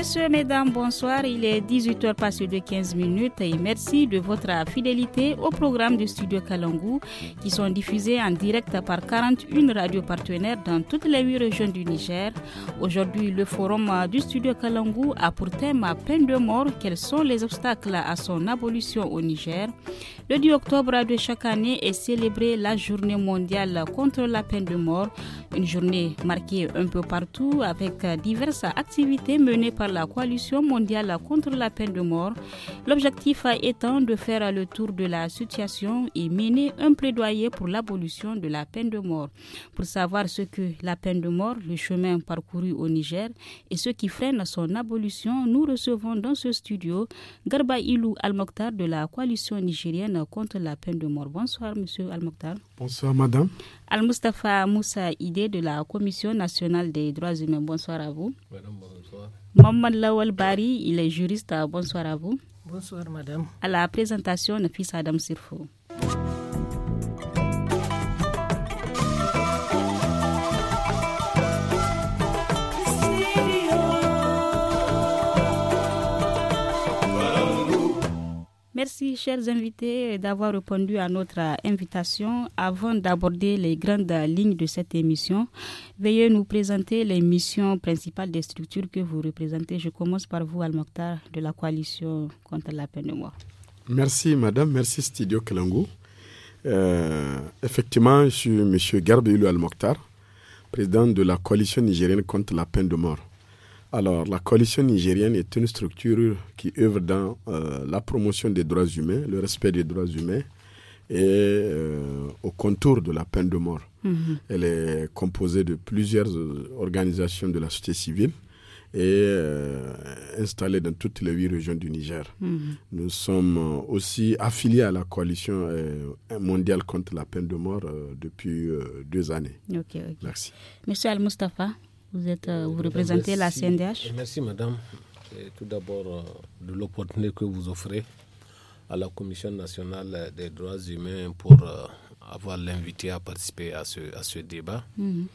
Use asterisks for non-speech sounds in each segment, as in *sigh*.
Messieurs, Mesdames, bonsoir. Il est 18h passé de 15 minutes et merci de votre fidélité au programme du studio Kalangou qui sont diffusés en direct par 41 radios partenaires dans toutes les 8 régions du Niger. Aujourd'hui, le forum euh, du studio Kalangou a pour thème à peine de mort quels sont les obstacles à son abolition au Niger. Le 10 octobre de chaque année est célébrée la journée mondiale contre la peine de mort, une journée marquée un peu partout avec diverses activités menées par la coalition mondiale contre la peine de mort. L'objectif étant de faire le tour de la situation et mener un plaidoyer pour l'abolition de la peine de mort. Pour savoir ce que la peine de mort, le chemin parcouru au Niger et ce qui freine son abolition, nous recevons dans ce studio Garba Ilou Al-Mokhtar de la coalition nigérienne contre la peine de mort. Bonsoir, Monsieur Al-Mokhtar. Bonsoir, Madame. Al-Mustafa Moussa Idé de la Commission nationale des droits humains. Bonsoir à vous. Madame, bonsoir. Mohamed Lawal Bari, il est juriste. Bonsoir à vous. Bonsoir, Madame. À la présentation, fils Adam Sirfo. Merci, chers invités, d'avoir répondu à notre invitation. Avant d'aborder les grandes lignes de cette émission, veuillez nous présenter les missions principales des structures que vous représentez. Je commence par vous, Al-Mokhtar, de la coalition contre la peine de mort. Merci, madame. Merci, Studio Kalango. Euh, effectivement, je suis M. Garbeulu Al-Mokhtar, président de la coalition nigérienne contre la peine de mort. Alors, la coalition nigérienne est une structure qui œuvre dans euh, la promotion des droits humains, le respect des droits humains et euh, au contour de la peine de mort. Mhm. Elle est composée de plusieurs euh, organisations de la société civile et installée dans toutes les huit régions du Niger. Mhm. Nous sommes aussi affiliés à la coalition mondiale contre la peine de mort depuis deux années. Ok, Merci. Monsieur Al-Mustafa, vous, êtes, euh, vous euh, représentez la CNDH Merci, madame. tout d'abord, euh, de l'opportunité que vous offrez à la Commission nationale des droits humains pour avoir l'invité à participer à ce, à ce débat. Mhm.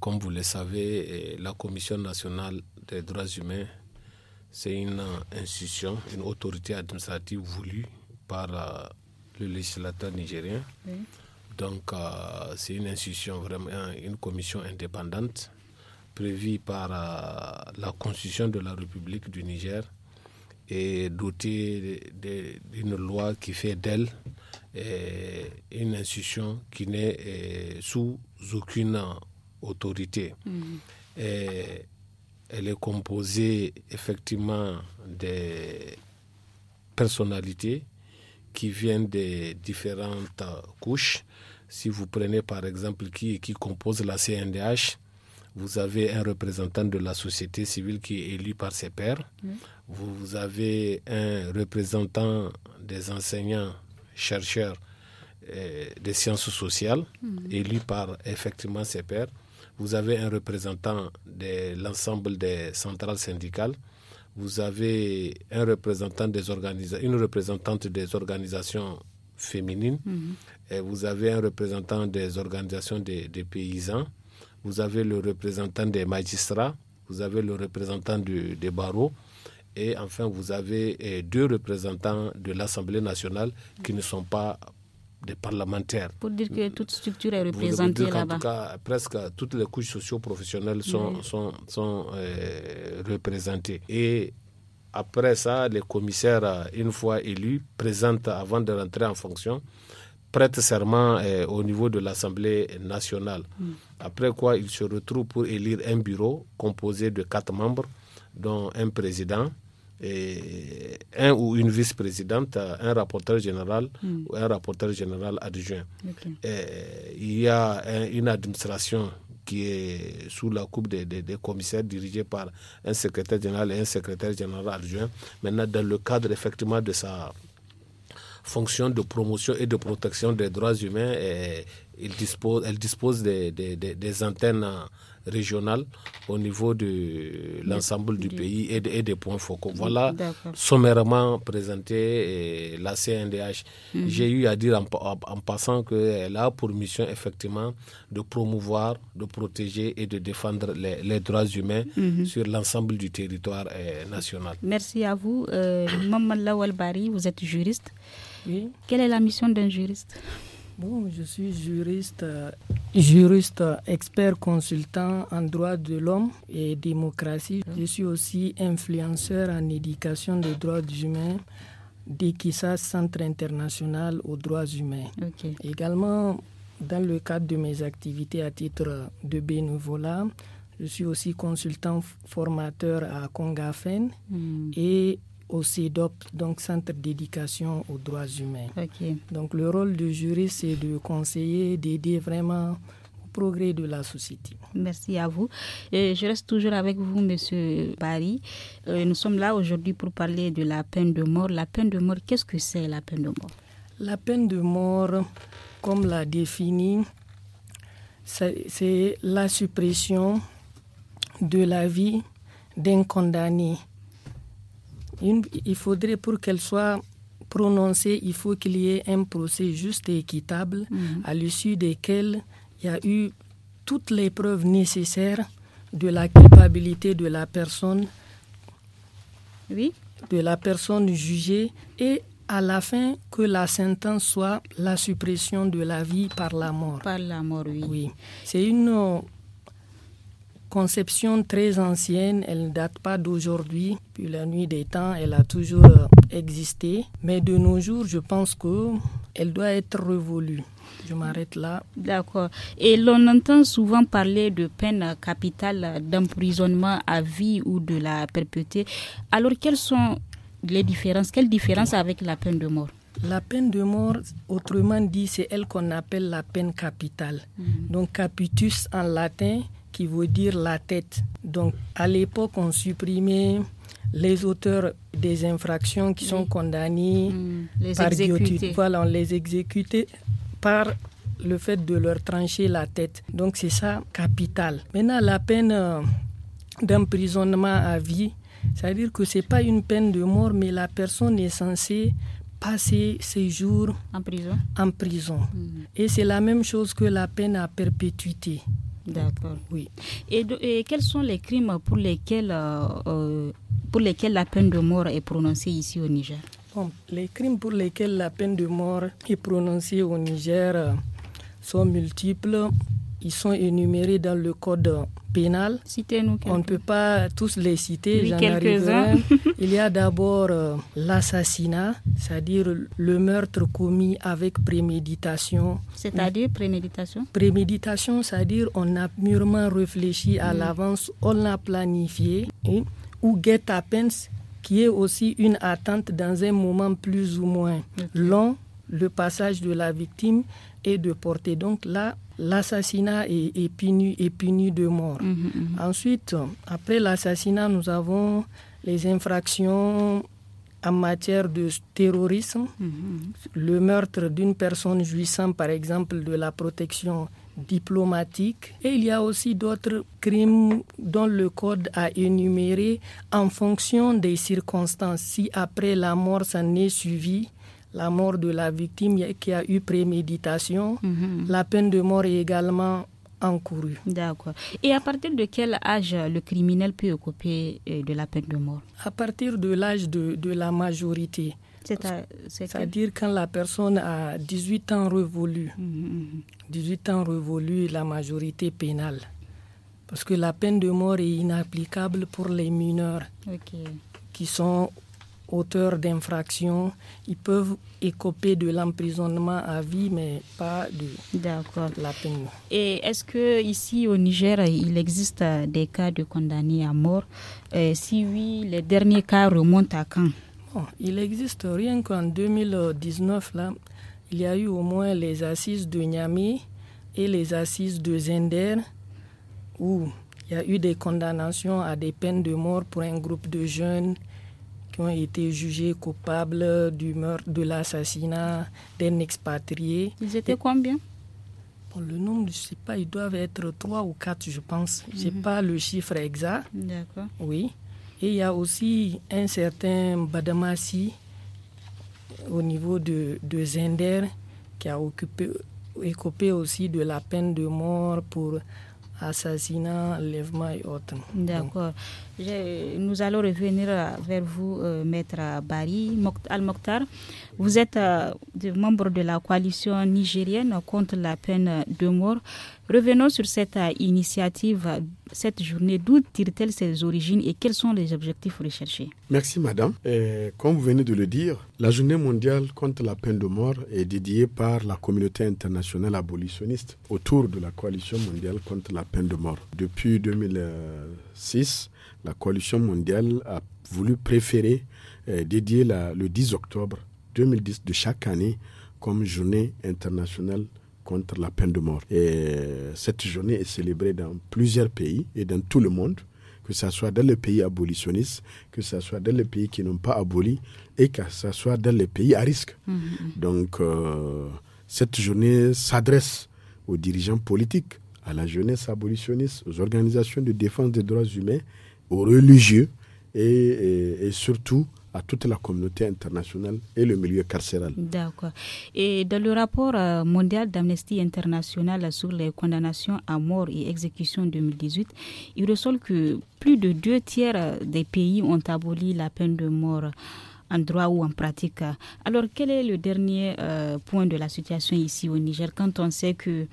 comme vous le savez, la Commission nationale des droits humains, c'est une institution, une autorité administrative voulue par le législateur nigérien. Donc, c'est une institution vraiment, une commission indépendante prévue par euh, la Constitution de la République du Niger et dotée d'une loi qui fait d'elle euh, une institution qui n'est euh, sous aucune autorité. Mm-hmm. elle est composée effectivement des personnalités qui viennent des différentes couches. Si vous prenez par exemple qui, qui compose la CNDH, vous avez un représentant de la société civile qui est élu par ses pairs. Vous avez un représentant des enseignants, chercheurs euh, des sciences sociales, mhm. élu par effectivement ses pairs. Vous avez un représentant de l'ensemble des centrales syndicales vous avez un représentant des une représentante des organisations féminines, mhm. et vous avez un représentant des organisations des paysans, vous avez le représentant des magistrats, vous avez le représentant des barreaux, et enfin vous avez eh, deux représentants de l'Assemblée nationale qui ne sont pas des parlementaires. Pour dire que toute structure est représentée là-bas. presque toutes les couches socio-professionnelles sont, sont, sont eh, représentées. Et après ça, les commissaires, une fois élus, présentent avant de rentrer en fonction prête serment eh, au niveau de l'Assemblée nationale. Hmm. Après quoi, il se retrouve pour élire un bureau composé de quatre membres, dont un président, et un ou une vice-présidente, un rapporteur général hmm. ou un rapporteur général adjoint. Eh, il y a une administration qui est sous la coupe des, des, commissaires dirigés par un secrétaire général et un secrétaire général adjoint. Maintenant, dans le cadre effectivement de sa fonction de promotion et de protection des droits humains, dispose, elle dispose des, antennes régionales au niveau de l'ensemble du pays et, des points focaux. Voilà sommairement présenté eh, la CNDH. Mhm. J'ai eu à dire en, passant qu'elle a pour mission effectivement de promouvoir, de protéger et de défendre les, droits humains mhm. sur l'ensemble du territoire eh, national. Merci à vous. Euh, Maman Lawal vous êtes juriste. Quelle est la mission d'un juriste Bon, je suis juriste, juriste expert consultant en droit de l'homme et démocratie. Je suis aussi influenceur en éducation des droits humains d'Ikissa Centre international aux droits humains. Également, dans le cadre de mes activités à titre de bénévolat, je suis aussi consultant formateur à Congafen hmm. et au CEDOP, donc Centre d'éducation aux droits humains. Donc le rôle du jury, c'est de conseiller, d'aider vraiment au progrès de la société. Merci à vous. Et je reste toujours avec vous, Monsieur Barry. Euh, nous sommes là aujourd'hui pour parler de la peine de mort. La peine de mort, qu'est-ce que c'est la peine de mort La peine de mort, comme l'a définit, c'est la suppression de la vie d'un condamné il faudrait pour qu'elle soit prononcée, il faut qu'il y ait un procès juste et équitable mhm. à l'issue desquels il y a eu toutes les preuves nécessaires de la culpabilité de la personne. Oui. De la personne jugée et à la fin que la sentence soit la suppression de la vie par la mort. Par la mort, oui. Oui. C'est une conception très ancienne, elle ne date pas d'aujourd'hui. Puis la nuit des temps, elle a toujours euh, existé. Mais de nos jours, je pense que elle doit être révolue. Je m'arrête là. D'accord. Et l'on entend souvent parler de peine capitale, d'emprisonnement à vie ou de la perpétuité. Alors, quelles sont les différences Quelle différence avec la peine de mort la peine de mort, autrement dit, c'est elle qu'on appelle la peine capitale. Mm-hmm. Donc capitus en latin, qui veut dire la tête. Donc à l'époque, on supprimait les auteurs des infractions qui sont condamnés mm. les par Voilà, on les exécutait par le fait de leur trancher la tête. Donc c'est ça, capital. Maintenant, la peine euh, d'emprisonnement à vie, ça à dire que ce n'est pas une peine de mort, mais la personne est censée passer ses jours en prison. En prison. Mm. Et c'est la même chose que la peine à perpétuité. D'accord, oui. Et, quels sont les crimes pour lesquels, euh, euh, pour lesquels la peine de mort est prononcée ici au Niger Les crimes pour lesquels la peine de mort est prononcée au Niger euh, sont multiples ils sont énumérés dans le code pénal. Citez-nous On ne peut pas tous les citer, j'en quelques-uns. *laughs* Il y a d'abord euh, l'assassinat, c'est-à-dire le meurtre commis avec préméditation. C'est-à-dire préméditation Préméditation, c'est-à-dire on a mûrement réfléchi à mm. l'avance, on a planifié. Ou « ou guet-apens, qui est aussi une attente dans un moment plus ou moins long le passage de la victime est de porter Donc là, l'assassinat est, est, puni, de mort. Mhm, mhm. Ensuite, après l'assassinat, nous avons les infractions en matière de terrorisme, mhm, le meurtre d'une personne jouissant par exemple de la protection diplomatique. Et il y a aussi d'autres crimes dont le Code a énuméré en fonction des circonstances, si après la mort ça n'est suivi la mort de la victime qui a eu préméditation. Mhm. La peine de mort est également encourue. D'accord. Et à partir de quel âge le criminel peut occuper euh, de la peine de mort À partir de l'âge de, la majorité. C'est-à-dire quand la personne a 18 ans révolu. 18 mhm, mhm. ans révolu, la majorité pénale. Parce que la peine de mort est inapplicable pour les mineurs qui sont auteurs d'infractions, ils peuvent écoper de l'emprisonnement à vie, mais pas de la peine. Et est-ce que ici au Niger, il existe euh, des cas de condamnés à mort Si oui, les derniers cas remontent à quand Il existe rien qu'en 2019, là, il y a eu au moins les assises de Niamey et les assises de Zender, où il y a eu des condamnations à des peines de mort pour un groupe de jeunes qui ont été jugés coupables du meurtre, de l'assassinat d'un expatrié. Ils étaient combien Le nombre, je ne sais pas, ils doivent être trois ou quatre, je pense. Je n'ai mhm. pas le chiffre exact. D'accord. Oui. Et il y a aussi un certain Badamasi, au niveau de, de Zender qui a occupé, écopé aussi de la peine de mort pour assassinat, D'accord. Nous allons revenir euh, vers vous, euh, Maître Bari Al-Mokhtar. Vous êtes euh, membre de la coalition nigérienne contre la peine de mort. Revenons sur cette initiative cette journée, d'où tire-t-elle ses origines et quels sont les objectifs recherchés Merci Madame. comme vous venez de le dire, la journée mondiale contre la peine de mort est dédiée par la communauté internationale abolitionniste autour de la coalition mondiale contre la peine de mort. Depuis 2006, la coalition mondiale a voulu préférer euh, dédier le 10 octobre 2010 de chaque année comme journée internationale contre la peine de mort. Et euh, cette journée est célébrée dans plusieurs pays et dans tout le monde, que ce soit dans les pays abolitionnistes, que ce soit dans les pays qui n'ont pas aboli et que ce soit dans les pays à risque. Mm-hmm. Donc, euh, cette journée s'adresse aux dirigeants politiques, à la jeunesse abolitionniste, aux organisations de défense des droits humains, aux religieux et, et, et surtout à toute la communauté internationale et le milieu carcéral. D'accord. Et dans le rapport euh, mondial d'Amnesty International sur les condamnations à mort et exécution 2018, il ressort que plus de deux tiers euh, des pays ont aboli la peine de mort en droit ou en pratique. Alors, quel est le dernier euh, point de la situation ici au Niger quand on sait que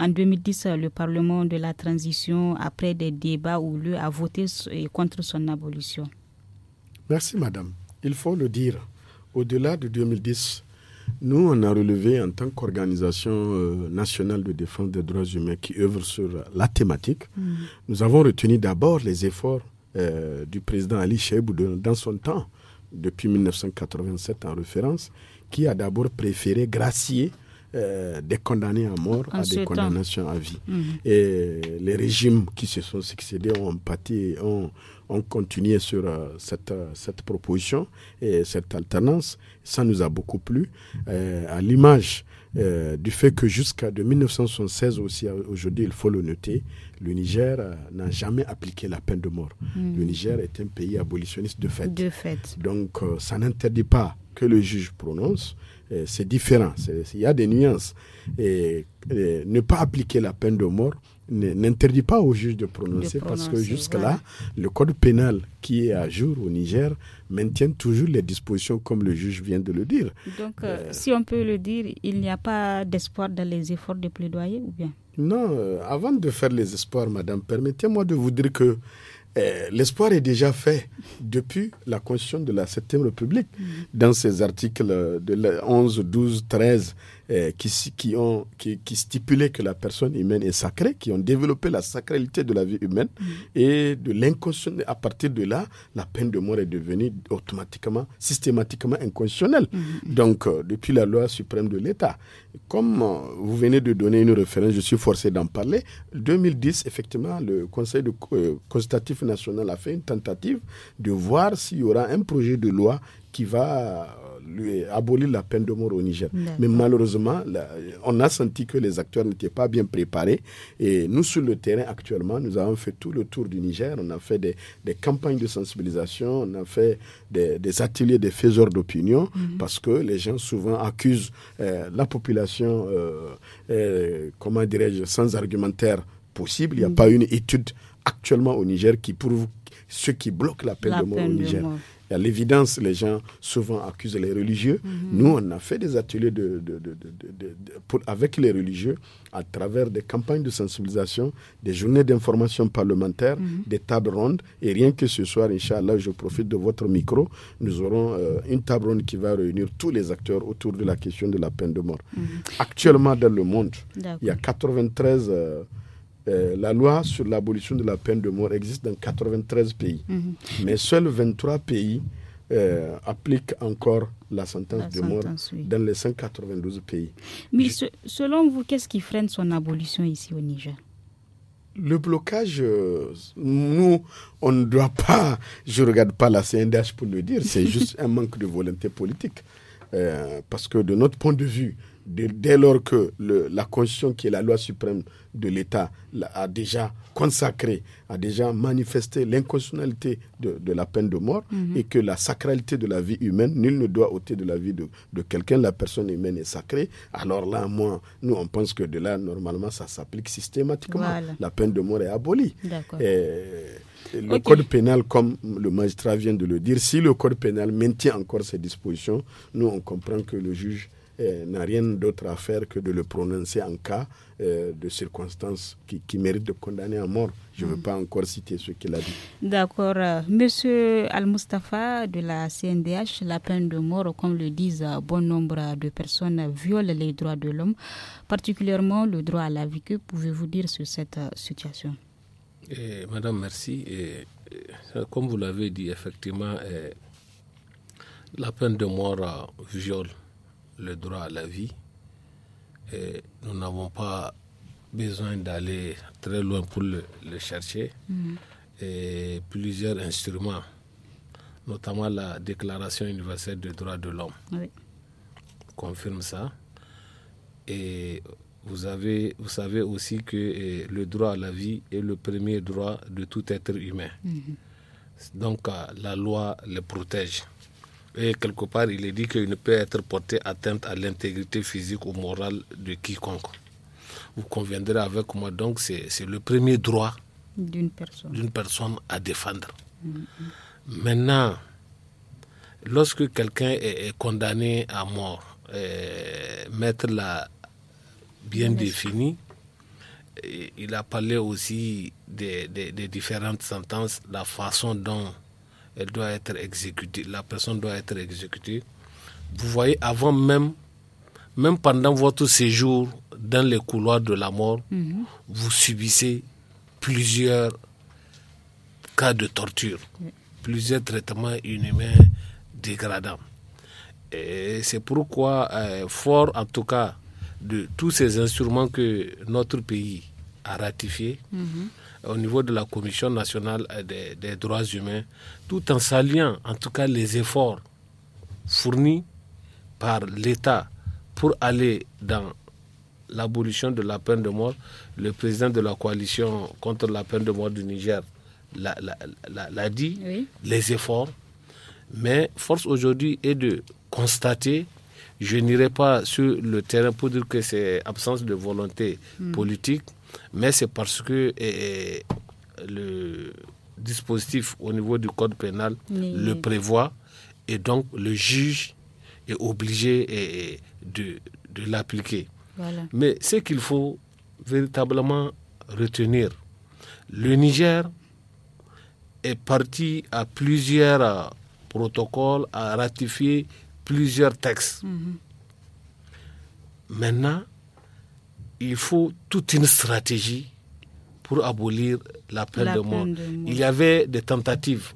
en 2010, le Parlement de la transition, après des débats ou lieu, a voté contre son abolition Merci, Madame il faut le dire, au-delà de 2010, nous, on a relevé en tant qu'organisation euh, nationale de défense des droits humains qui œuvre sur la thématique, mm. nous avons retenu d'abord les efforts euh, du président Ali dans son temps, depuis 1987 en référence, qui a d'abord préféré gracier euh, des condamnés à mort à des condamnations à vie. Mm. Et les régimes qui se sont succédés ont pâti, ont ont continué sur euh, euh, cette, proposition et cette alternance. Ça nous a beaucoup plu, euh, à l'image du fait que jusqu'à 1976 aussi, aujourd'hui, il faut le noter, le Niger n'a jamais appliqué la peine de mort. Mm. Le Niger est un pays abolitionniste de fait. fait. Donc, ça n'interdit pas que le juge prononce c'est différent, il y a des nuances. et, ne pas appliquer la peine de mort n'interdit pas au juge de prononcer, parce que jusque-là, le code pénal qui est à jour au Niger maintient toujours les dispositions comme le juge vient de le dire. Donc, euh, euh, si on peut le dire, il n'y a pas d'espoir dans les efforts de plaidoyer ou bien Non, euh, avant de faire les espoirs, madame, permettez-moi de vous dire que l'espoir est déjà fait depuis la Constitution de la 7 République, mm. dans ses articles de 11, 12, 13 euh, qui, ont, qui, stipulaient que la personne humaine est sacrée, qui ont développé la sacralité de la vie humaine mm. et de l'inconscient. À partir de là, la peine de mort est devenue automatiquement, systématiquement inconstitutionnelle. Mm-hmm. Donc, euh, depuis la loi suprême de l'État. Comme euh, vous venez de donner une référence, je suis forcé d'en parler. 2010, effectivement, le Conseil de, national a fait une tentative de voir s'il y aura un projet de loi qui va abolir la peine de mort au Niger. Mais malheureusement, on a senti que les acteurs n'étaient pas bien préparés. Et nous, sur le terrain actuellement, nous avons fait tout le tour du Niger. On a fait des, campagnes de sensibilisation, on a fait des, ateliers des faiseurs d'opinion, mhm. parce que les gens souvent accusent euh, la population, euh, euh, comment je sans argumentaire possible. Il n'y a mhm. pas une étude actuellement au Niger qui prouve ce qui bloque la peine de mort au Niger. Il a l'évidence, les gens souvent accusent les religieux. Mhm. Nous, on a fait des ateliers de, de, de, avec les religieux à travers des campagnes de sensibilisation, des journées d'information parlementaire, mhm. des tables rondes. Et rien que ce soir, Inch'Allah, je profite de votre micro, nous aurons euh, une table ronde qui va réunir tous les acteurs autour de la question de la peine de mort. Mhm. Actuellement, dans le monde, il y a 93... Euh, la loi sur l'abolition de la peine de mort existe dans 93 pays, mhm. mais seuls 23 pays euh, appliquent encore la sentence de mort dans les 192 pays. Mais selon vous, qu'est-ce qui freine son abolition ici au Niger le blocage, euh, nous, on ne doit pas, je ne regarde pas la CNDH pour le dire, c'est *laughs* juste un manque de volonté politique. parce que de notre point de vue, dès lors que la Constitution, qui est la loi suprême de l'État, a déjà consacré, a déjà manifesté l'inconstitutionnalité de, la peine de mort mhm. et que la sacralité de la vie humaine, nul ne doit ôter de la vie de, quelqu'un, la personne humaine est sacrée. Alors là, moi, nous, on pense que de là, normalement, ça s'applique systématiquement. La peine de mort est abolie. le code pénal, comme le magistrat vient de le dire, si le code pénal maintient encore ses dispositions, nous, on comprend que le juge euh, n'a rien d'autre à faire que de le prononcer en cas euh, de circonstances qui, qui, méritent de condamner à mort. Je ne veux mm. pas encore citer ce qu'il a dit. D'accord. Euh, Monsieur Al-Mustafa de la CNDH, la peine de mort, comme le disent bon nombre de personnes, viole les droits de l'homme, particulièrement le droit à la vie. Que pouvez-vous dire sur cette situation eh, Madame, merci. Eh, eh, comme vous l'avez dit, effectivement, la peine de mort viole le droit à la vie. Et nous n'avons pas besoin d'aller très loin pour le, chercher. Mhm. Et plusieurs instruments, notamment la Déclaration universelle des droits de l'homme, confirme ça. Et vous, avez, vous savez aussi que eh, le droit à la vie est le premier droit de tout être humain. Mhm. Donc ah, la loi le protège et quelque part, il est dit qu'il ne peut être porté atteinte à l'intégrité physique ou morale de quiconque. Vous conviendrez avec moi, donc c'est le premier droit d'une personne. à défendre. Mm-hmm. Maintenant, lorsque quelqu'un est, condamné à mort, mettre la bien défini. définie, il a parlé aussi des différentes sentences, la façon dont elle doit être exécutée, la personne doit être exécutée. Vous voyez, avant même, même pendant votre séjour dans les couloirs de la mort, mhm. vous subissez plusieurs cas de torture, plusieurs traitements inhumains dégradants. Et c'est pourquoi, euh, fort en tout cas de tous ces instruments que notre pays a ratifiés, mhm au niveau de la Commission nationale euh, des, droits humains, tout en saluant en tout cas les efforts fournis par l'État pour aller dans l'abolition de la peine de mort, le président de la coalition contre la peine de mort du Niger l'a dit, les efforts. Mais force aujourd'hui est de constater, je n'irai pas sur le terrain pour dire que c'est absence de volonté hmm. politique, mais c'est parce que eh, eh, le dispositif au niveau du code pénal le prévoit et donc le juge est obligé eh, de, l'appliquer. Mais ce qu'il faut véritablement retenir, le Niger est parti à plusieurs euh, protocoles, à ratifier plusieurs textes. Mhm. Maintenant, il faut toute une stratégie pour abolir la peine, de, mort. Il y avait des tentatives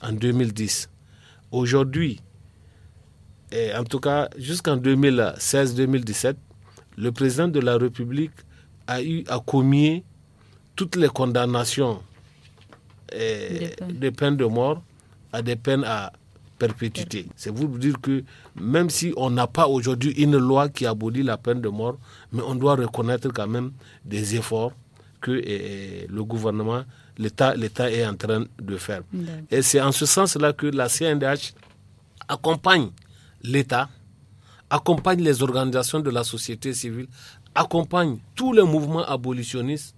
en 2010. Aujourd'hui, en tout cas jusqu'en 2016-2017, le président de la République a eu à commier toutes les condamnations de peine de mort à des peines à perpétuité. C'est vous dire que même si on n'a pas aujourd'hui une loi qui abolit la peine de mort, mais on doit reconnaître quand même des efforts que eh, eh, le gouvernement, l'État, l'État est en train de faire. Et c'est en ce sens-là que la CNDH accompagne l'État, accompagne les organisations de la société civile, accompagne tous les mouvements abolitionnistes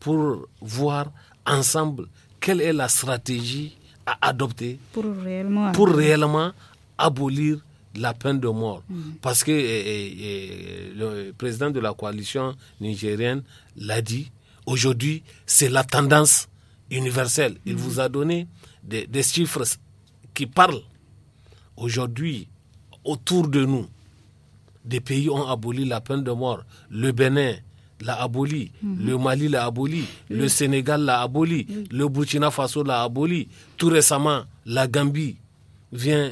pour voir ensemble quelle est la stratégie à adopter pour réellement, abolir la peine de mort. Mm. Parce que eh, eh, eh, le président de la coalition nigérienne l'a dit, aujourd'hui, c'est la tendance universelle. Il mm. vous a donné des, des chiffres qui parlent. Aujourd'hui, autour de nous, des pays ont aboli la peine de mort. Le Bénin, l'a aboli, mhm. le Mali l'a aboli, le Sénégal l'a aboli, le Burkina Faso l'a aboli. Tout récemment, la Gambie vient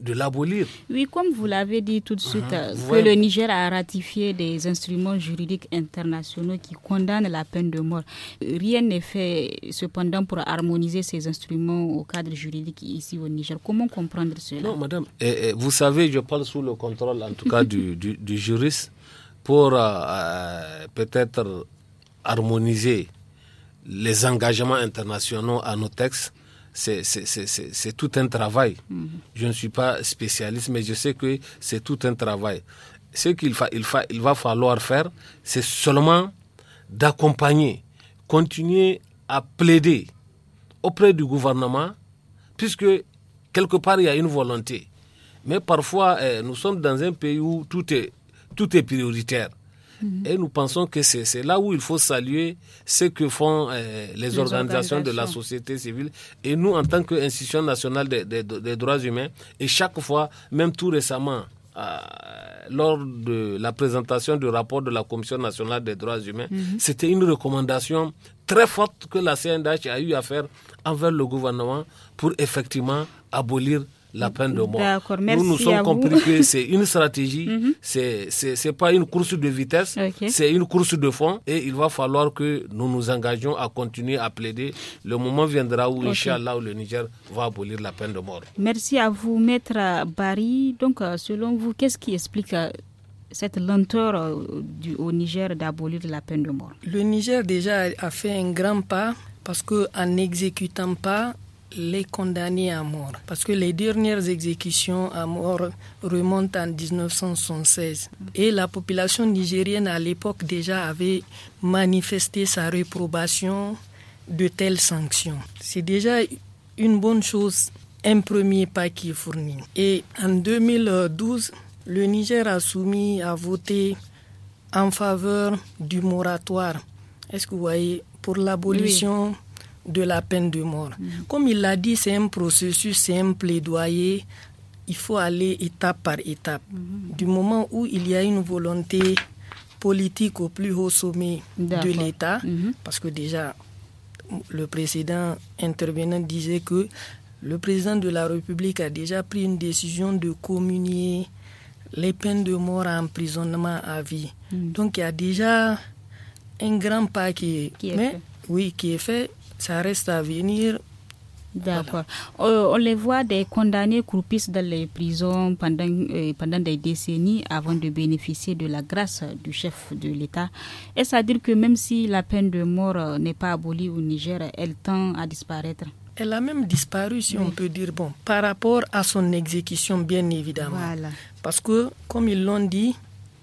de l'abolir. Oui, comme vous l'avez dit tout de mhm. suite, euh, que le Niger a ratifié des instruments juridiques internationaux qui condamnent la peine de mort. Euh, rien n'est fait cependant pour harmoniser ces instruments au cadre juridique ici au Niger. Comment comprendre cela Non, madame, eh, eh, vous savez, je parle sous le contrôle en tout cas du juriste pour euh, euh, peut-être harmoniser les engagements internationaux à nos textes, c'est tout un travail. Mhm. Je ne suis pas spécialiste, mais je sais que c'est tout un travail. Ce qu'il il, il va falloir faire, c'est seulement d'accompagner, continuer à plaider auprès du gouvernement, puisque quelque part il y a une volonté. Mais parfois, eh, nous sommes dans un pays où tout est tout est prioritaire. Mhm. Et nous pensons que c'est là où il faut saluer ce que font euh, les, organisations, de la société civile et nous en tant qu'institution nationale des, droits humains. Et chaque fois, même tout récemment, euh, lors de la présentation du rapport de la Commission nationale des droits humains, mhm. c'était une recommandation très forte que la CNDH a eu à faire envers le gouvernement pour effectivement abolir la peine de mort. nous nous sommes compris que c'est une *laughs* stratégie, mhm. ce n'est c'est c'est pas une course de vitesse, c'est une course de fond et il va falloir que nous nous engagions à continuer à plaider. Le moment viendra où, Inch'Allah, le Niger va abolir la peine de mort. Merci à vous, Maître Barry. Donc, euh, selon vous, qu'est-ce qui explique euh, cette lenteur euh, du, au Niger d'abolir la peine de mort Le Niger déjà a fait un grand pas parce qu'en n'exécutant pas les condamnés à mort. Parce que les dernières exécutions à mort remontent en 1976. Et la population nigérienne à l'époque déjà avait manifesté sa réprobation de telles sanctions. C'est déjà une bonne chose, un premier pas qui est fourni. Et en 2012, le Niger a soumis à voter en faveur du moratoire. Est-ce que vous voyez, pour l'abolition de la peine de mort. Mm-hmm. Comme il l'a dit, c'est un processus, c'est un plaidoyer. Il faut aller étape par étape. Mm-hmm. Du moment où il y a une volonté politique au plus haut sommet de l'État, mm-hmm. parce que déjà, le précédent intervenant disait que le président de la République a déjà pris une décision de communier les peines de mort à emprisonnement à vie. Mm. Donc il y a déjà un grand pas qui, est, Oui, qui est fait ça reste à venir. D'accord. Euh, on les voit des condamnés croupissent dans les prisons pendant, euh, pendant des décennies avant de bénéficier de la grâce du chef de l'État. Est-ce à dire que même si la peine de mort euh, n'est pas abolie au Niger, elle tend à disparaître elle a même disparu, si on peut dire, bon, par rapport à son exécution, bien évidemment. Parce que, comme ils l'ont dit,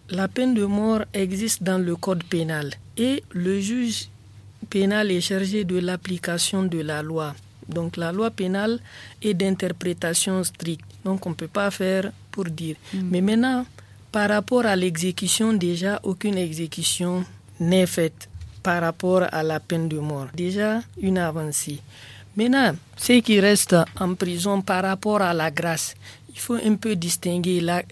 la peine de mort existe dans le code pénal et le juge pénal est chargé de l'application de la loi. Donc la loi pénale est d'interprétation stricte. Donc on ne peut pas faire pour dire. Mm. Mais maintenant, par rapport à l'exécution, déjà, aucune exécution n'est faite par rapport à la peine de mort. Déjà, une avancée. Maintenant, ceux qui restent en prison par rapport à la grâce, il faut un peu distinguer la,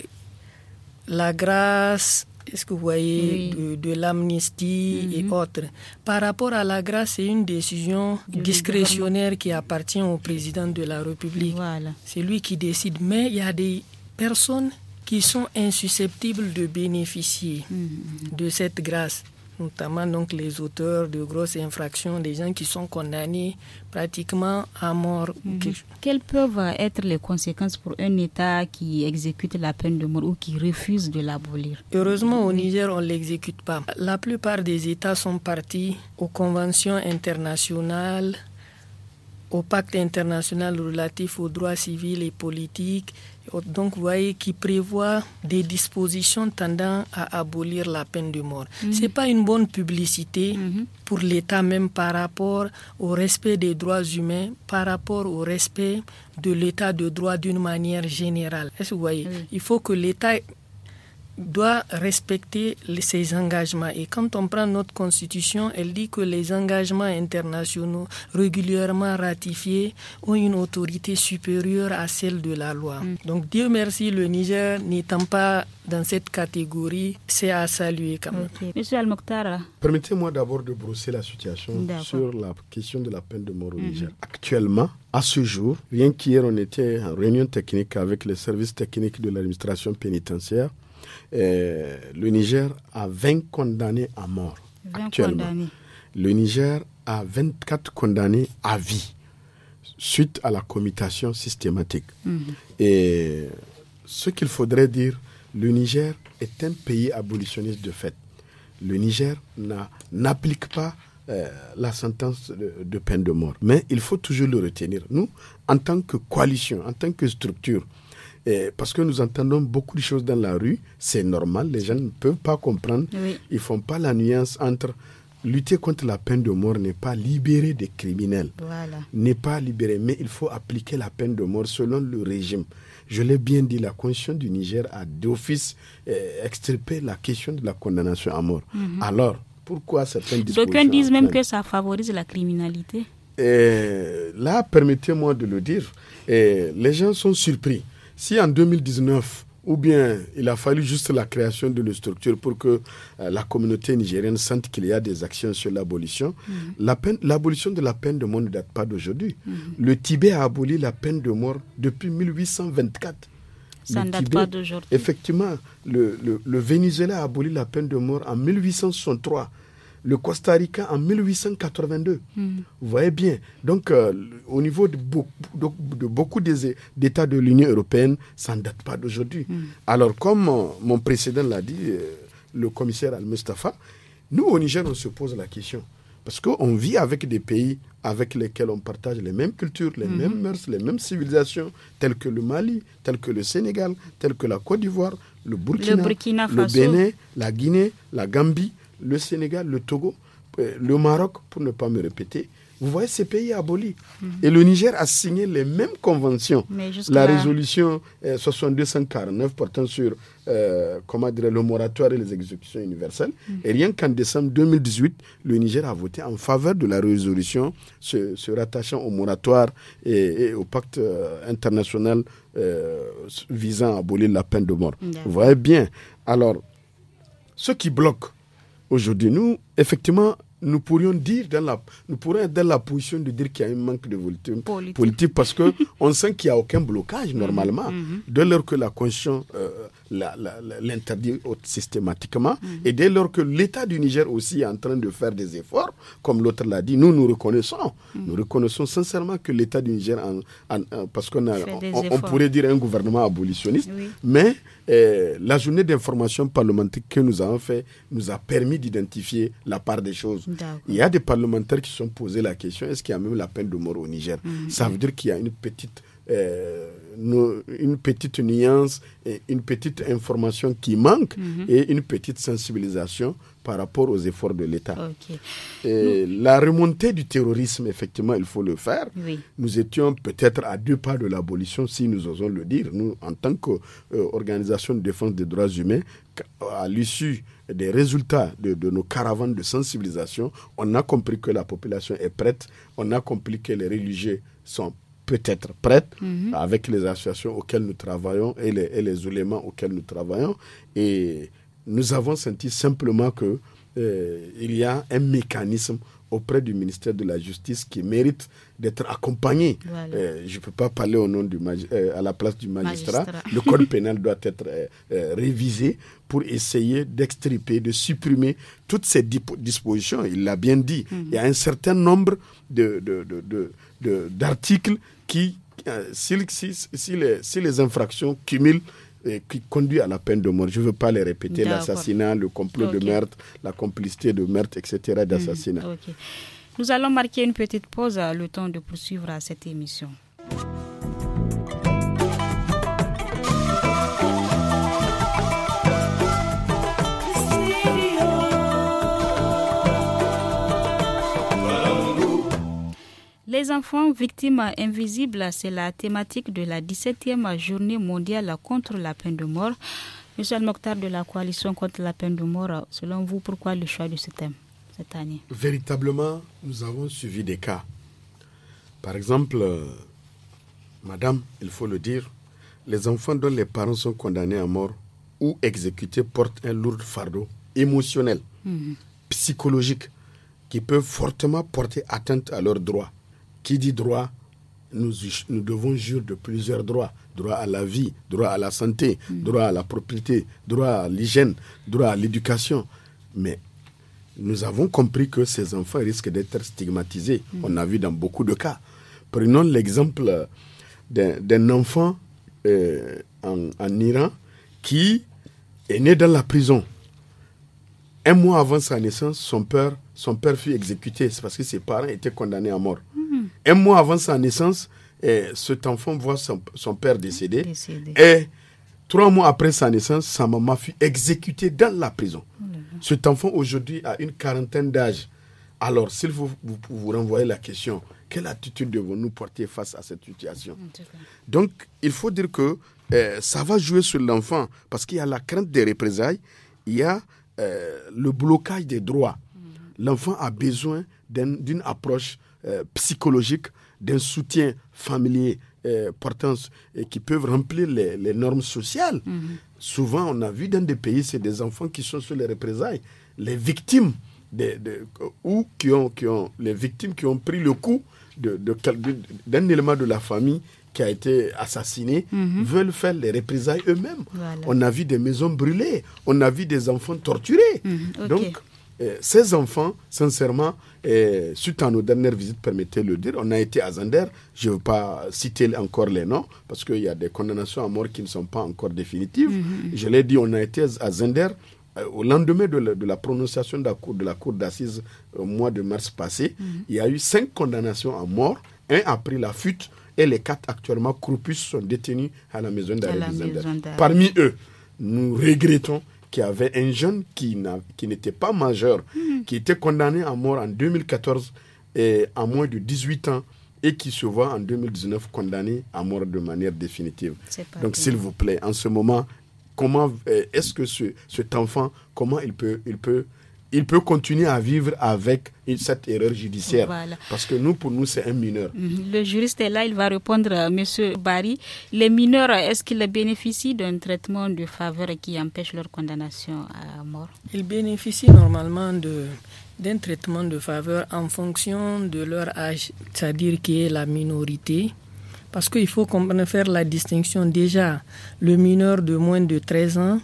la grâce est-ce que vous voyez de, l'amnistie et mhm. autres Par rapport à la grâce, c'est une décision discrétionnaire qui appartient au président de la République. C'est lui qui décide. Mais il y a des personnes qui sont insusceptibles de bénéficier mhm. de cette grâce notamment donc les auteurs de grosses infractions, des gens qui sont condamnés pratiquement à mort. Mhm. Quelles peuvent être les conséquences pour un État qui exécute la peine de mort ou qui refuse de l'abolir Heureusement, au Niger, on ne l'exécute pas. La plupart des États sont partis aux conventions internationales au pacte international relatif aux droits civils et politiques, donc vous voyez, qui prévoit des dispositions tendant à abolir la peine de mort. Mhm. C'est Ce n'est pas une bonne publicité mhm. pour l'État même par rapport au respect des droits humains, par rapport au respect de l'état de droit d'une manière générale. Est-ce que vous voyez Il faut que l'État doit respecter ses engagements. Et quand on prend notre constitution, elle dit que les engagements internationaux régulièrement ratifiés ont une autorité supérieure à celle de la loi. Mm. Donc Dieu merci, le Niger n'étant pas dans cette catégorie, c'est à saluer quand Monsieur Al-Mokhtar. Euh, Permettez-moi d'abord de brosser la situation sur la question de la peine de mort au mm-hmm. Niger. Actuellement, à ce jour, rien qu'hier, on était en réunion technique avec les services techniques de l'administration pénitentiaire euh, le Niger a 20 condamnés à mort actuellement. Le Niger a 24 condamnés à vie suite à la commutation systématique. Mhm. Et ce qu'il faudrait dire, le Niger est un pays abolitionniste de fait. Le Niger n'applique pas euh, la sentence de, peine de mort. Mais il faut toujours le retenir. Nous, en tant que coalition, en tant que structure, parce que nous entendons beaucoup de choses dans la rue, c'est normal, les gens ne peuvent pas comprendre, ils ne font pas la nuance entre lutter contre la peine de mort n'est pas libérer des criminels, voilà. n'est pas libérer, mais il faut appliquer la peine de mort selon le régime. Je l'ai bien dit, la Constitution du Niger a d'office eh, extirpé la question de la condamnation à mort. Mhm. Alors, pourquoi certaines dispositions... D'aucuns disent même que ça favorise la criminalité. Et eh, là, permettez-moi de le dire, eh, les gens sont surpris. Si en 2019, ou bien il a fallu juste la création d'une structure pour que euh, la communauté nigérienne sente qu'il y a des actions sur l'abolition. Mhm. L'abolition de la peine de mort ne date pas d'aujourd'hui. Mhm. Le Tibet a aboli la peine de mort depuis 1824. Ça ne date pas d'aujourd'hui. Effectivement, le, le, Venezuela a aboli la peine de mort en 1863 le Costa Rica en 1882. Hmm. Vous voyez bien. Donc, euh, au niveau de, de, beaucoup d'États de l'Union européenne, ça ne date pas d'aujourd'hui. Hmm. Alors, comme euh, mon, précédent l'a dit, euh, le commissaire Al-Mustafa, nous, au Niger, on se pose la question. Parce qu'on vit avec des pays avec lesquels on partage les mêmes cultures, les hmm. mêmes mœurs, les mêmes civilisations, tels que le Mali, tels que le Sénégal, tels que la Côte d'Ivoire, le Burkina, le Bénin, la Guinée, la Gambie le Sénégal, le Togo, euh, le Maroc, pour ne pas me répéter. Vous voyez ces pays abolis. Mhm. Et le Niger a signé les mêmes conventions. La résolution 6249 euh, portant sur euh, comment le moratoire et les exécutions universelles. Mhm. Et rien qu'en décembre 2018, le Niger a voté en faveur de la résolution se, rattachant au moratoire et, au pacte international visant à abolir la peine de mort. Vous voyez bien. Alors, ce qui bloque, Aujourd'hui, nous, effectivement, nous pourrions dire dans la, nous pourrions être dans la position de dire qu'il y a un manque de volonté politique, parce que *laughs* on sent qu'il n'y a aucun blocage normalement, de mhm. mhm. dès lors que la conscience l'interdit systématiquement. Mm-hmm. Et dès lors que l'État du Niger aussi est en train de faire des efforts, comme l'autre l'a dit, nous nous reconnaissons. Mm-hmm. Nous reconnaissons sincèrement que l'État du Niger, parce qu'on on, pourrait dire un gouvernement abolitionniste, mais eh, la journée d'information parlementaire que nous avons fait nous a permis d'identifier la part des choses. Il y a des parlementaires qui se sont posés la question est-ce qu'il y a même la peine de mort au Niger mm-hmm. Ça veut dire qu'il y a une petite eh, une petite nuance, et une petite information qui manque mhm. et une petite sensibilisation par rapport aux efforts de l'État. La remontée du terrorisme, effectivement, il faut le faire. Nous étions peut-être à deux pas de l'abolition, si nous osons le dire. Nous, en tant qu'organisation de défense des droits humains, à l'issue des résultats de, de, nos caravanes de sensibilisation, on a compris que la population est prête, on a compris que les religieux sont peut être prête mhm. avec les associations auxquelles nous travaillons et les, éléments auxquels nous travaillons. Et nous avons senti simplement que euh, il y a un mécanisme auprès du ministère de la Justice qui mérite d'être accompagné. Euh, je ne peux pas parler au nom du euh, à la place du magistrat. Le code *laughs* pénal doit être révisé pour essayer d'extriper, de supprimer toutes ces dispositions. Il l'a bien dit. Mhm. Il y a un certain nombre d'articles de, de, qui, euh, si, les, infractions cumulent, et euh, qui conduit à la peine de mort. Je ne veux pas les répéter, l'assassinat, le complot de meurtre, la complicité de meurtre, etc., mhm. d'assassinat. Nous allons marquer une petite pause, euh, le temps de poursuivre à cette émission. Les enfants victimes invisibles, c'est la thématique de la 17e journée mondiale contre la peine de mort. Monsieur le mokhtar de la coalition contre la peine de mort, selon vous, pourquoi le choix de ce thème cette année Véritablement, nous avons suivi des cas. Par exemple, euh, madame, il faut le dire, les enfants dont les parents sont condamnés à mort ou exécutés portent un lourd fardeau émotionnel, mhm. psychologique, qui peut fortement porter atteinte à leurs droits qui dit droit nous, devons jurer de plusieurs droits. Droit à la vie, droit à la santé, mm. droit à la propriété, droit à l'hygiène, droit à l'éducation. Mais nous avons compris que ces enfants risquent d'être stigmatisés. Mm. On a vu dans beaucoup de cas. Prenons l'exemple d'un enfant euh, en, en, Iran qui est né dans la prison. Un mois avant sa naissance, son père, son père fut exécuté. C'est parce que ses parents étaient condamnés à mort. Un mois avant sa naissance, eh, cet enfant voit son, père décédé, Et trois mois après sa naissance, sa maman fut exécutée dans la prison. Oh cet enfant aujourd'hui a une quarantaine d'âge. Alors, s'il vous, vous, vous renvoyez la question, quelle attitude devons-nous porter face à cette situation mm, Donc, il faut dire que eh, ça va jouer sur l'enfant parce qu'il y a la crainte des représailles, il y a eh, le blocage des droits. Mm. L'enfant a besoin d'une approche euh, psychologique, d'un soutien familier euh, portant, et qui peuvent remplir les, normes sociales. Mhm. Souvent, on a vu dans des pays, c'est des enfants qui sont sur les représailles, les victimes, de, ou qui ont, qui ont, les victimes qui ont pris le coup d'un de, de élément de la famille qui a été assassiné mhm. veulent faire les représailles eux-mêmes. On a vu des maisons brûlées, on a vu des enfants torturés. Mhm. Donc, euh, ces enfants, sincèrement, euh, suite à nos dernières visites, permettez le dire, on a été à Zender, je ne veux pas citer encore les noms, parce qu'il y a des condamnations à mort qui ne sont pas encore définitives. Mm-hmm. Je l'ai dit, on a été à Zender, euh, au lendemain de la, prononciation de la cour, cour d'assises au mois de mars passé, mm-hmm. il y a eu cinq condamnations à mort. Un a pris la fuite et les quatre actuellement croupus sont détenus à la maison d'arrêt. Parmi eux, nous regrettons qui avait un jeune qui n'était pas majeur, mhm. qui était condamné à mort en 2014 et à moins de 18 ans et qui se voit en 2019 condamné à mort de manière définitive. Donc s'il vous plaît, en ce moment, comment euh, est-ce que cet enfant, comment il peut, il peut il peut continuer à vivre avec cette erreur judiciaire. Parce que nous, pour nous, c'est un mineur. Mhm. Le juriste est là, il va répondre, à M. Barry. Les mineurs, est-ce qu'ils bénéficient d'un traitement de faveur qui empêche leur condamnation à mort Ils bénéficient normalement d'un traitement de faveur en fonction de leur âge, c'est-à-dire qui est la minorité. Parce qu'il faut faire la distinction déjà. Le mineur de moins de 13 ans,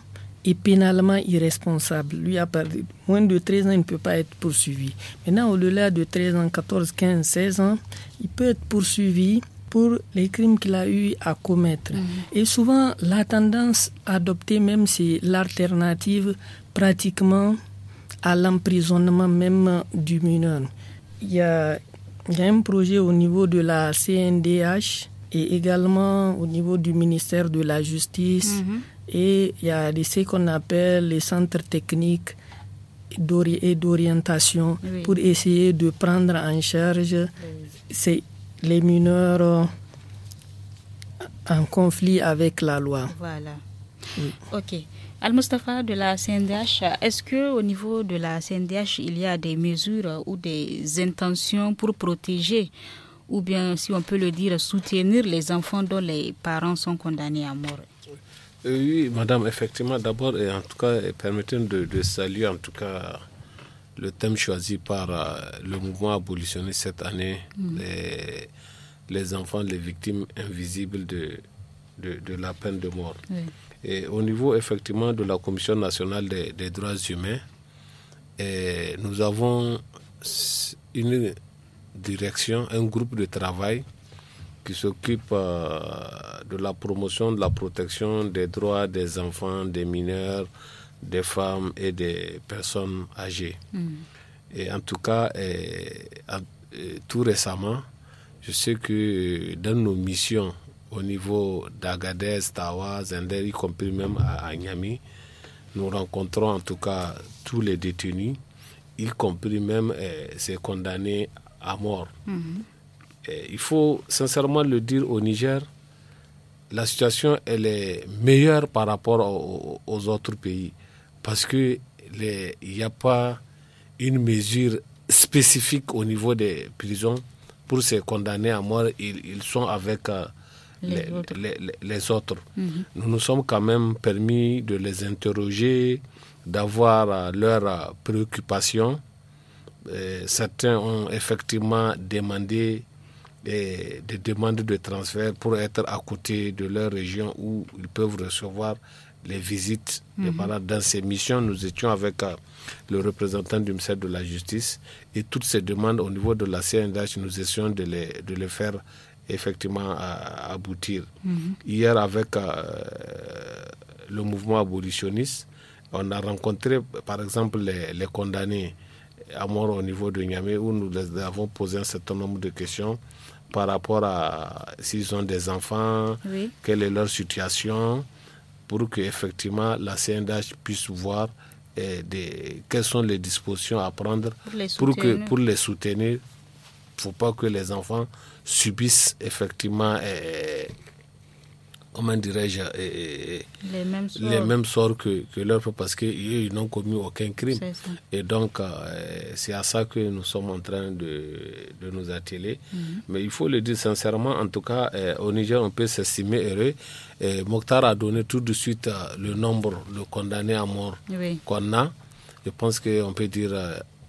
est pénalement irresponsable. Lui, a perdu moins de 13 ans, il ne peut pas être poursuivi. Maintenant, au-delà de 13 ans, 14, 15, 16 ans, il peut être poursuivi pour les crimes qu'il a eu à commettre. Mhm. Et souvent, la tendance adoptée même, c'est l'alternative pratiquement à l'emprisonnement même du mineur. Il y, a, un projet au niveau de la CNDH et également au niveau du ministère de la Justice. Mhm. Et il y a ce qu'on appelle les centres techniques et d'orientation pour essayer de prendre en charge les mineurs en conflit avec la loi. Voilà. Ok. Al-Mustafa de la CNDH, est-ce que au niveau de la CNDH, il y a des mesures ou des intentions pour protéger ou bien, si on peut le dire, soutenir les enfants dont les parents sont condamnés à mort oui, madame, effectivement, d'abord, et en tout cas, permettez-nous de, saluer en tout cas le thème choisi par euh, le mouvement abolitionniste cette année, mm. les, enfants, les victimes invisibles de, la peine de mort. Et au niveau effectivement de la Commission nationale des, droits humains, nous avons une direction, un groupe de travail qui s'occupe euh, de la promotion, de la protection des droits des enfants, des mineurs, des femmes et des personnes âgées. Mm. Et en tout cas, eh, eh, tout récemment, je sais que eh, dans nos missions au niveau d'Agadez, Tawa, Zender, y compris même à, Niami, Niamey, nous rencontrons en tout cas tous les détenus, y compris même ces condamnés à mort. Mm-hmm. il faut sincèrement le dire au Niger, la situation elle est meilleure par rapport aux, autres pays parce que il n'y a pas une mesure spécifique au niveau des prisons pour ces condamnés à mort. Ils, sont avec euh, les, autres. Mhm. Nous nous sommes quand même permis de les interroger, d'avoir euh, leurs euh, préoccupations. certains ont effectivement demandé des, demandes de transfert pour être à côté de leur région où ils peuvent recevoir les visites des malades. Mhm. Dans ces missions, nous étions avec euh, le représentant du ministère de la Justice et toutes ces demandes au niveau de la CNDH, nous essayons de les, faire effectivement euh, aboutir. Mhm. Hier, avec euh, le mouvement abolitionniste, on a rencontré par exemple les condamnés à mort au niveau de Niamey où nous avons posé un certain nombre de questions par rapport à s'ils ont des enfants, quelle est leur situation, pour que effectivement la CNDH puisse voir et eh, des, quelles sont les dispositions à prendre pour, les que, pour les soutenir. Il ne faut pas que les enfants subissent effectivement eh, comment dirais-je, euh, euh, euh, les mêmes sorts, les mêmes sorts que, que leur parce qu'ils n'ont commis aucun crime. Et donc, c'est à ça que nous sommes en train de, de nous atteler. Mhm. Mais il faut le dire sincèrement, en tout cas, au Niger, on peut s'estimer heureux. Et Mokhtar a donné tout de suite le nombre de condamnés à mort qu'on a. Je pense qu'on peut dire,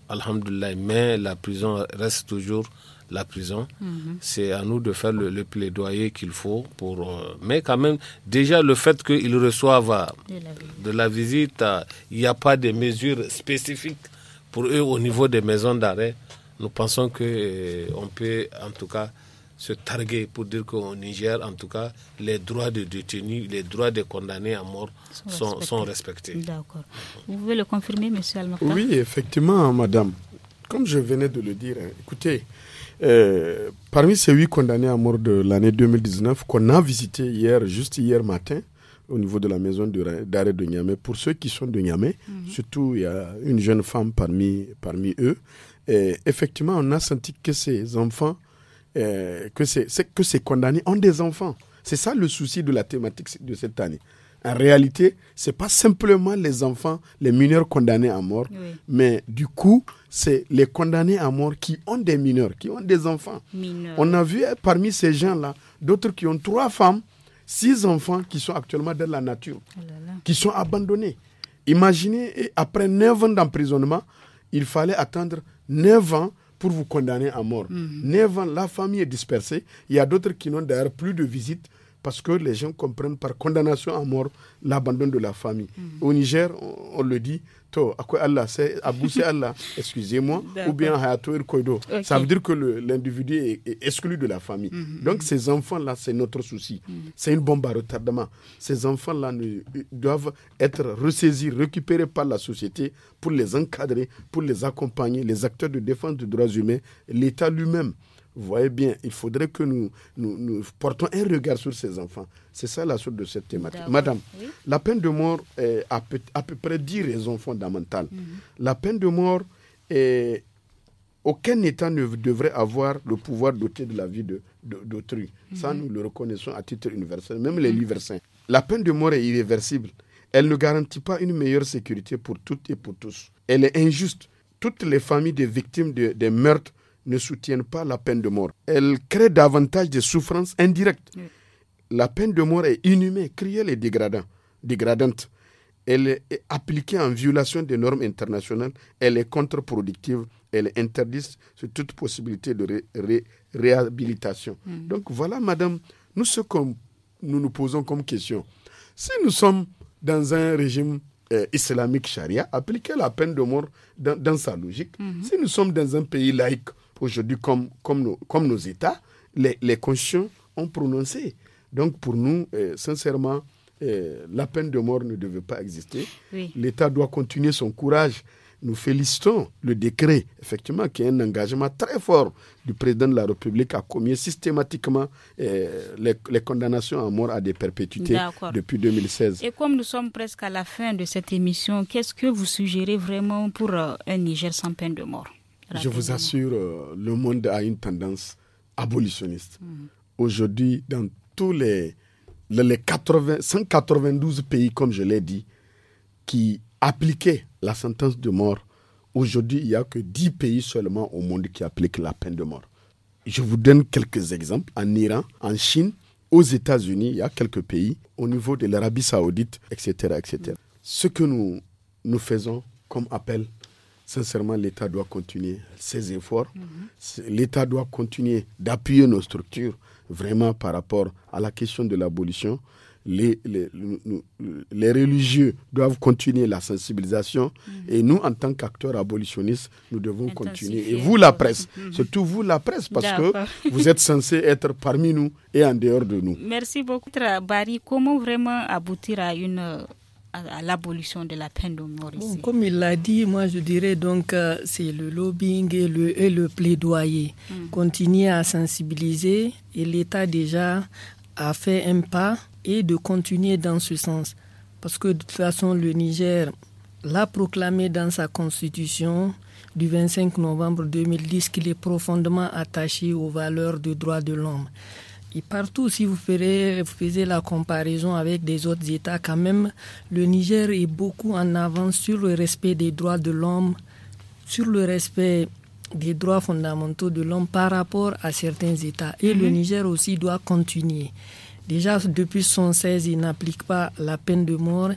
Alhamdulillah, mais la prison reste toujours la prison. Mhm. C'est à nous de faire le, plaidoyer qu'il faut pour. Euh, mais quand même, déjà le fait qu'ils reçoivent euh, de la visite, euh, il n'y a pas de mesures spécifiques pour eux au niveau des maisons d'arrêt. Nous pensons que on peut, en tout cas, se targuer pour dire qu'au Niger, en tout cas, les droits des détenus, les droits des condamnés à mort sont, respectés. Vous pouvez le confirmer, Monsieur Almakta Oui, effectivement, Madame. Comme je venais de le dire, hein, écoutez, euh, parmi ces huit condamnés à mort de l'année 2019 qu'on a visités hier, juste hier matin, au niveau de la maison d'arrêt de, de Niamey, pour ceux qui sont de Niamey, mhm. surtout il y a une jeune femme parmi, parmi eux, effectivement, on a senti que ces enfants, euh, que, que ces condamnés ont des enfants. C'est ça le souci de la thématique de cette année en réalité, ce n'est pas simplement les enfants, les mineurs condamnés à mort, mais du coup, c'est les condamnés à mort qui ont des mineurs, qui ont des enfants. On a vu eh, parmi ces gens-là, d'autres qui ont trois femmes, six enfants qui sont actuellement dans la nature, oh qui sont abandonnés. Imaginez, eh, après neuf ans d'emprisonnement, il fallait attendre neuf ans pour vous condamner à mort. Mhm. Neuf ans, la famille est dispersée. Il y a d'autres qui n'ont d'ailleurs plus de visite parce que les gens comprennent par condamnation à mort l'abandon de la famille. Mhm. Au Niger, on, le dit, to quoi Allah c'est Allah, *laughs* excusez-moi, ou bien Hayato Ça veut dire que l'individu est, exclu de la famille. Mhm. Donc ces enfants-là, c'est notre souci. Mhm. C'est une bombe à retardement. Ces enfants-là euh, doivent être ressaisis, récupérés par la société pour les encadrer, pour les accompagner, les acteurs de défense des droits humains, l'État lui-même vous voyez bien, il faudrait que nous, nous, portons un regard sur ces enfants. C'est ça la source de cette thématique. Madame, la peine de mort a à peu près dix raisons fondamentales. Mhm. La peine de mort, est, aucun État ne devrait avoir le pouvoir doté de la vie d'autrui. De, de, mhm. ça, nous le reconnaissons à titre universel, même les mhm. livres La peine de mort est irréversible. Elle ne garantit pas une meilleure sécurité pour toutes et pour tous. Elle est injuste. Toutes les familles des victimes des meurtres ne soutiennent pas la peine de mort. Elle crée davantage de souffrances indirectes. La peine de mort est inhumée, cruelle et dégradante. Elle est appliquée en violation des normes internationales. Elle est contre-productive. Elle interdit toute possibilité de réhabilitation. Mm. Donc voilà, madame, nous nous nous posons comme question. Si nous sommes dans un régime euh, islamique charia, appliquer la peine de mort dans, sa logique. Mm-hmm. Si nous sommes dans un pays laïque, aujourd'hui comme, nos, États, les, conscients ont prononcé. Donc pour nous, euh, sincèrement, euh, la peine de mort ne devait pas exister. L'État doit continuer son courage. Nous félicitons le décret, effectivement, qui est un engagement très fort du président de la République à commis systématiquement euh, les, les, condamnations à mort à des perpétuités depuis 2016. Et comme nous sommes presque à la fin de cette émission, qu'est-ce que vous suggérez vraiment pour un Niger sans peine de mort je vous assure, euh, le monde a une tendance abolitionniste. Mhm. Aujourd'hui, dans tous les, les, 192 pays, comme je l'ai dit, qui appliquaient la sentence de mort, aujourd'hui, il n'y a que 10 pays seulement au monde qui appliquent la peine de mort. Je vous donne quelques exemples. En Iran, en Chine, aux États-Unis, il y a quelques pays, au niveau de l'Arabie saoudite, etc. etc. Ce que nous, nous faisons comme appel sincèrement, l'État doit continuer ses efforts. L'État doit continuer d'appuyer nos structures vraiment par rapport à la question de l'abolition. Les, religieux doivent continuer la sensibilisation et nous, en tant qu'acteurs abolitionnistes, nous devons continuer. Et vous, la presse, mm-hmm. surtout vous, la presse, parce que *laughs* vous êtes censés être parmi nous et en dehors de nous. Merci beaucoup, Barry. Comment vraiment aboutir à une à, l'abolition de la peine de mort ici. comme il l'a dit, moi je dirais donc euh, c'est le lobbying et le, le plaidoyer. Hmm. Continuer à sensibiliser et l'État déjà a fait un pas et de continuer dans ce sens. Parce que de toute façon, le Niger l'a proclamé dans sa constitution du 25 novembre 2010 qu'il est profondément attaché aux valeurs des droits de l'homme. Et partout, si vous, ferez, la comparaison avec des autres États, quand même, le Niger est beaucoup en avance sur le respect des droits de l'homme, sur le respect des droits fondamentaux de l'homme par rapport à certains États. Et le mhm. Niger aussi doit continuer. Déjà, depuis 116, il n'applique pas la peine de mort.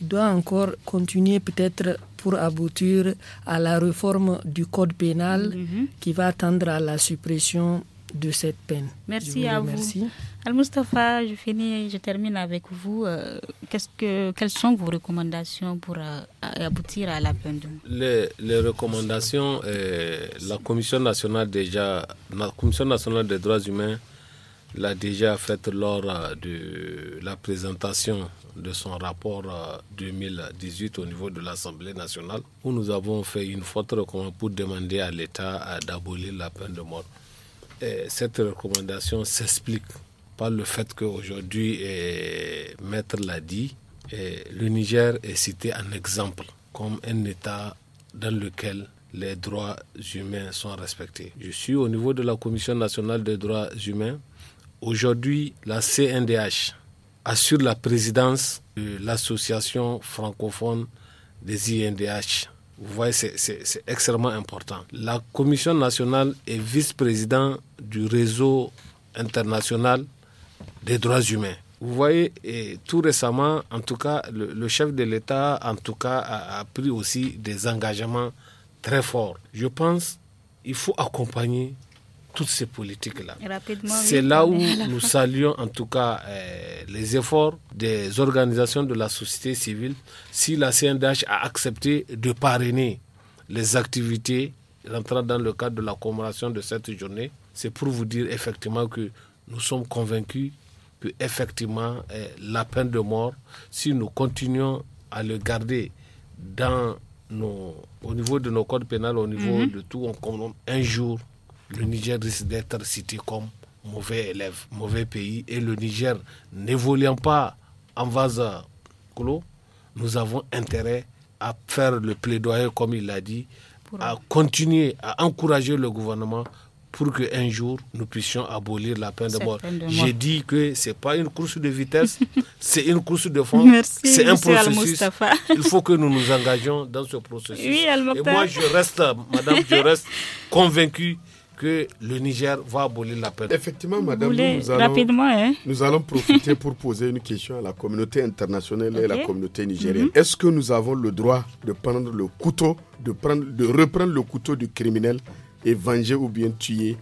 Il doit encore continuer peut-être pour aboutir à la réforme du code pénal mhm. qui va tendre à la suppression de cette peine. Merci à vous. Al-Mustafa, je finis, je termine avec vous. Euh, que, quelles sont vos recommandations pour euh, aboutir à la peine de mort les, recommandations, euh, la Commission nationale déjà, la Commission nationale des droits humains l'a déjà faite lors de la présentation de son rapport 2018 au niveau de l'Assemblée nationale, où nous avons fait une forte recommandation pour demander à l'État d'abolir la peine de mort cette recommandation s'explique par le fait qu'aujourd'hui, eh, Maître l'a dit, eh, le Niger est cité en exemple comme un État dans lequel les droits humains sont respectés. Je suis au niveau de la Commission nationale des droits humains. Aujourd'hui, la CNDH assure la présidence de l'association francophone des INDH vous voyez, c'est extrêmement important. La Commission nationale est vice-président du réseau international des droits humains. Vous voyez, tout récemment, en tout cas, le, chef de l'État, en tout cas, a, a, pris aussi des engagements très forts. Je pense qu'il faut accompagner toutes ces politiques-là. C'est là où nous saluons en tout cas euh, les efforts des organisations de la société civile si la CNDH a accepté de parrainer les activités rentrant dans le cadre de la commémoration de cette journée. C'est pour vous dire effectivement que nous sommes convaincus que effectivement euh, la peine de mort, si nous continuons à le garder dans nos, au niveau de nos codes pénals, au niveau mhm. de tout, on, on, un jour, le Niger risque d'être cité comme mauvais élève, mauvais pays. Et le Niger, n'évoluant pas en vase clos, nous avons intérêt à faire le plaidoyer, comme il l'a dit, à continuer à encourager le gouvernement pour qu'un jour nous puissions abolir la peine de mort. J'ai dit que ce n'est pas une course de vitesse, *laughs* c'est une course de fond, c'est un processus. Il faut que nous nous engagions dans ce processus. Et moi, je reste, madame, je reste *laughs* convaincu que le Niger va abolir la peine Effectivement, madame, nous, allons, rapidement, hein. nous allons profiter pour poser une question à la communauté internationale et à la communauté nigérienne. Mhm. Est-ce que nous avons le droit de prendre le couteau, de, prendre, de reprendre le couteau du criminel et venger ou bien tuer,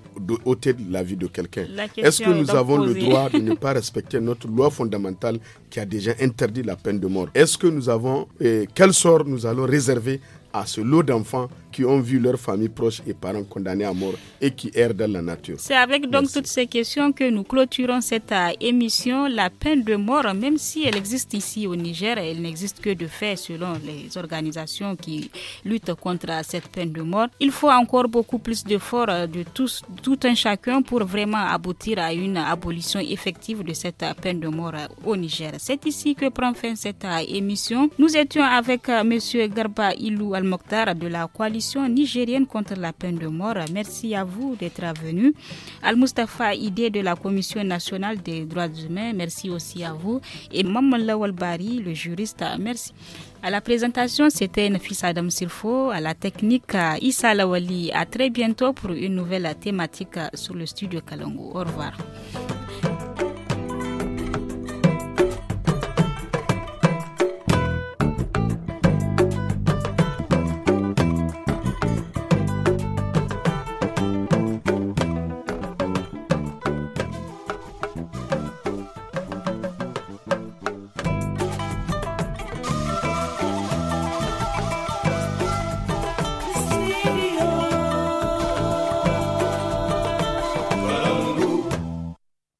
ôter la vie de quelqu'un. Est-ce que nous avons le droit de ne pas respecter notre loi fondamentale qui a déjà interdit la peine de mort Est-ce que nous avons, quel sort nous allons réserver à ce lot d'enfants qui ont vu leurs familles proches et parents condamnés à mort et qui errent dans la nature. C'est avec donc toutes ces questions que nous clôturons cette euh, émission. La peine de mort, même si elle existe ici au Niger, elle n'existe que de fait selon les organisations qui luttent contre cette peine de mort. Il faut encore beaucoup plus d'efforts euh, de tous, tout un chacun pour vraiment aboutir à une abolition effective de cette euh, peine de mort au Niger. C'est ici que prend fin cette émission. Nous étions avec M. Garba Ilou Al-Mokhtar de la coalition nigérienne contre la peine de mort. Merci à vous d'être venu. Al-Mustafa idée de la Commission nationale des droits humains, merci aussi à vous. Et Maman Lawal Bari, le juriste, merci. À la présentation, c'était Nafis Adam Sirfo. à la technique Issa Lawali. À très bientôt pour une nouvelle thématique sur le studio Kalongo. Au revoir.